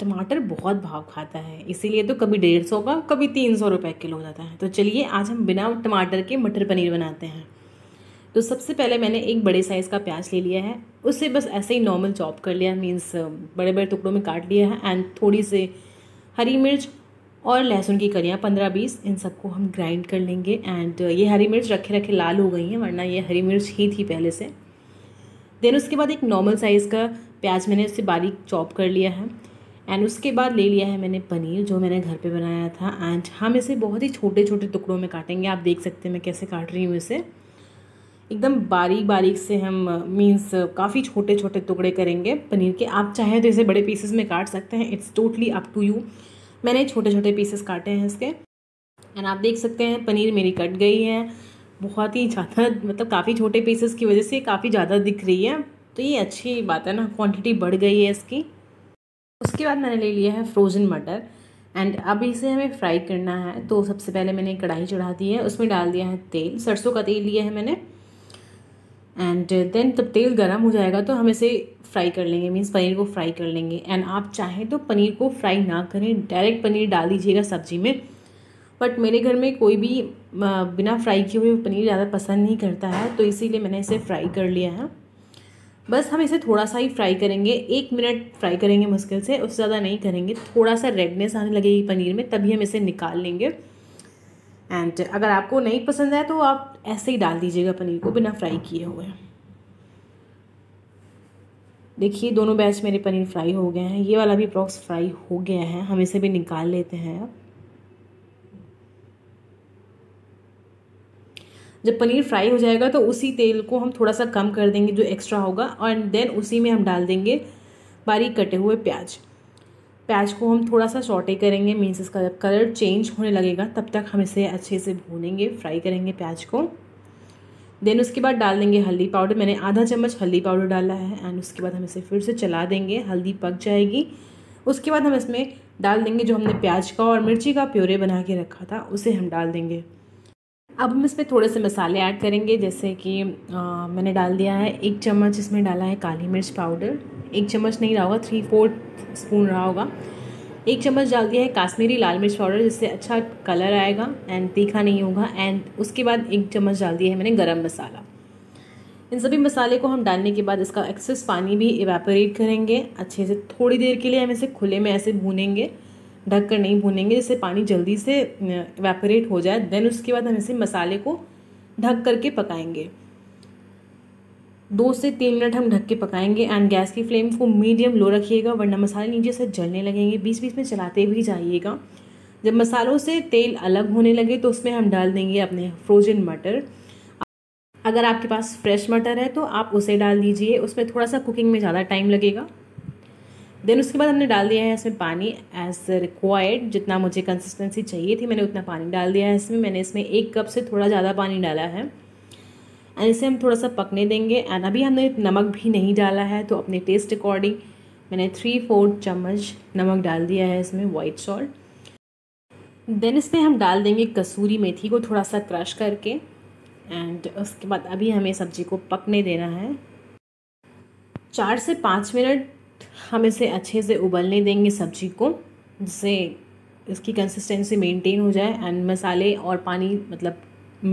टमाटर बहुत भाव खाता है इसीलिए तो कभी डेढ़ सौ का कभी तीन सौ रुपये किलो हो जाता है तो चलिए आज हम बिना टमाटर के मटर पनीर बनाते हैं तो सबसे पहले मैंने एक बड़े साइज़ का प्याज ले लिया है उसे बस ऐसे ही नॉर्मल चॉप कर लिया मीन्स बड़े बड़े टुकड़ों में काट लिया है एंड थोड़ी से हरी मिर्च और लहसुन की कलियाँ पंद्रह बीस इन सबको हम ग्राइंड कर लेंगे एंड ये हरी मिर्च रखे रखे लाल हो गई हैं वरना ये हरी मिर्च ही थी पहले से देन उसके बाद एक नॉर्मल साइज़ का प्याज मैंने उससे बारीक चॉप कर लिया है एंड उसके बाद ले लिया है मैंने पनीर जो मैंने घर पे बनाया था एंड हम इसे बहुत ही छोटे छोटे टुकड़ों में काटेंगे आप देख सकते हैं मैं कैसे काट रही हूँ इसे एकदम बारीक बारीक से हम मीन्स काफ़ी छोटे छोटे टुकड़े करेंगे पनीर के आप चाहें तो इसे बड़े पीसेस में काट सकते हैं it's totally up to you मैंने छोटे छोटे पीसेस काटे हैं इसके एंड आप देख सकते हैं पनीर मेरी कट गई है बहुत ही ज़्यादा मतलब काफ़ी छोटे पीसेस की वजह से काफ़ी ज़्यादा दिख रही है तो ये अच्छी बात है ना क्वांटिटी बढ़ गई है इसकी उसके बाद मैंने ले लिया है फ्रोज़न मटर एंड अब इसे हमें फ्राई करना है तो सबसे पहले मैंने कढ़ाई चढ़ा दी है उसमें डाल दिया है तेल सरसों का तेल लिया है मैंने एंड देन तब तेल गर्म हो जाएगा तो हम इसे फ्राई कर लेंगे मीन्स पनीर को फ्राई कर लेंगे एंड आप चाहें तो पनीर को फ्राई ना करें डायरेक्ट पनीर डाल दीजिएगा सब्जी में बट मेरे घर में कोई भी बिना फ्राई किए हुए पनीर ज़्यादा पसंद नहीं करता है तो इसीलिए मैंने इसे फ्राई कर लिया है बस हम इसे थोड़ा सा ही फ्राई करेंगे एक मिनट फ्राई करेंगे मुश्किल से उससे ज़्यादा नहीं करेंगे थोड़ा सा रेडनेस आने लगेगी पनीर में तभी हम इसे निकाल लेंगे एंड अगर आपको नहीं पसंद आए तो आप ऐसे ही डाल दीजिएगा पनीर को बिना फ्राई किए हुए देखिए दोनों बैच मेरे पनीर फ्राई हो गए हैं ये वाला भी प्रॉक्स फ्राई हो गया है हम इसे भी निकाल लेते हैं अब जब पनीर फ्राई हो जाएगा तो उसी तेल को हम थोड़ा सा कम कर देंगे जो एक्स्ट्रा होगा एंड देन उसी में हम डाल देंगे बारीक कटे हुए प्याज प्याज को हम थोड़ा सा शॉर्टे करेंगे मीन्स इसका जब कलर चेंज होने लगेगा तब तक हम इसे अच्छे से भूनेंगे फ्राई करेंगे प्याज को देन उसके बाद डाल देंगे हल्दी पाउडर मैंने आधा चम्मच हल्दी पाउडर डाला है एंड उसके बाद हम इसे फिर से चला देंगे हल्दी पक जाएगी उसके बाद हम इसमें डाल देंगे जो हमने प्याज का और मिर्ची का प्योरे बना के रखा था उसे हम डाल देंगे अब हम इसमें थोड़े से मसाले ऐड करेंगे जैसे कि आ, मैंने डाल दिया है एक चम्मच इसमें डाला है काली मिर्च पाउडर एक चम्मच नहीं रहा होगा थ्री फोर्थ स्पून रहा होगा एक चम्मच डाल दिया है काश्मीरी लाल मिर्च पाउडर जिससे अच्छा कलर आएगा एंड तीखा नहीं होगा एंड उसके बाद एक चम्मच डाल दिया है मैंने गर्म मसाला इन सभी मसाले को हम डालने के बाद इसका एक्सेस पानी भी इवेपोरेट करेंगे अच्छे से थोड़ी देर के लिए हम इसे खुले में ऐसे भूनेंगे ढक कर नहीं भूनेंगे जिससे पानी जल्दी से वेपरेट हो जाए देन उसके बाद हम इसे मसाले को ढक करके पकाएंगे दो से तीन मिनट हम ढक के पकाएंगे एंड गैस की फ्लेम को मीडियम लो रखिएगा वरना मसाले नीचे से जलने लगेंगे बीच बीच में चलाते भी जाइएगा जब मसालों से तेल अलग होने लगे तो उसमें हम डाल देंगे अपने फ्रोजन मटर अगर आपके पास फ्रेश मटर है तो आप उसे डाल दीजिए उसमें थोड़ा सा कुकिंग में ज़्यादा टाइम लगेगा देन उसके बाद हमने डाल दिया है इसमें पानी एज रिक्वायर्ड जितना मुझे कंसिस्टेंसी चाहिए थी मैंने उतना पानी डाल दिया है इसमें मैंने इसमें एक कप से थोड़ा ज़्यादा पानी डाला है एंड इसे हम थोड़ा सा पकने देंगे एंड अभी हमने नमक भी नहीं डाला है तो अपने टेस्ट अकॉर्डिंग मैंने थ्री फोर्थ चम्मच नमक डाल दिया है इसमें वाइट सॉल्ट देन इसमें हम डाल देंगे कसूरी मेथी को थोड़ा सा क्रश करके एंड उसके बाद अभी हमें सब्ज़ी को पकने देना है चार से पाँच मिनट हम इसे अच्छे से उबलने देंगे सब्जी को जिससे इसकी कंसिस्टेंसी मेंटेन हो जाए एंड मसाले और पानी मतलब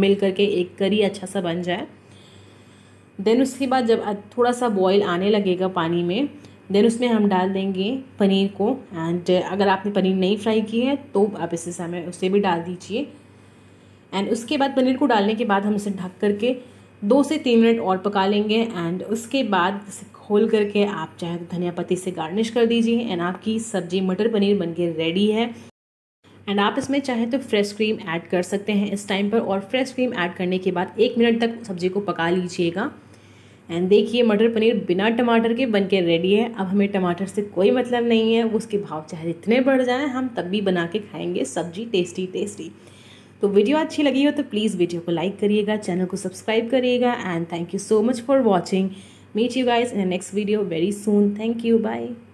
मिल करके एक करी अच्छा सा बन जाए देन उसके बाद जब थोड़ा सा बॉईल आने लगेगा पानी में देन उसमें हम डाल देंगे पनीर को एंड अगर आपने पनीर नहीं फ्राई की है तो आप इसे समय उसे भी डाल दीजिए एंड उसके बाद पनीर को डालने के बाद हम इसे ढक करके दो से तीन मिनट और पका लेंगे एंड उसके बाद होल करके आप चाहे तो धनिया पत्ती से गार्निश कर दीजिए एंड आपकी सब्जी मटर पनीर बनके रेडी है एंड आप इसमें चाहे तो फ्रेश क्रीम ऐड कर सकते हैं इस टाइम पर और फ्रेश क्रीम ऐड करने के बाद एक मिनट तक सब्जी को पका लीजिएगा एंड देखिए मटर पनीर बिना टमाटर के बन के रेडी है अब हमें टमाटर से कोई मतलब नहीं है उसके भाव चाहे जितने बढ़ जाएँ हम तब भी बना के खाएंगे सब्जी टेस्टी टेस्टी तो वीडियो अच्छी लगी हो तो प्लीज़ वीडियो को लाइक करिएगा चैनल को सब्सक्राइब करिएगा and thank you so much for watching meet you guys in the next video very soon thank you bye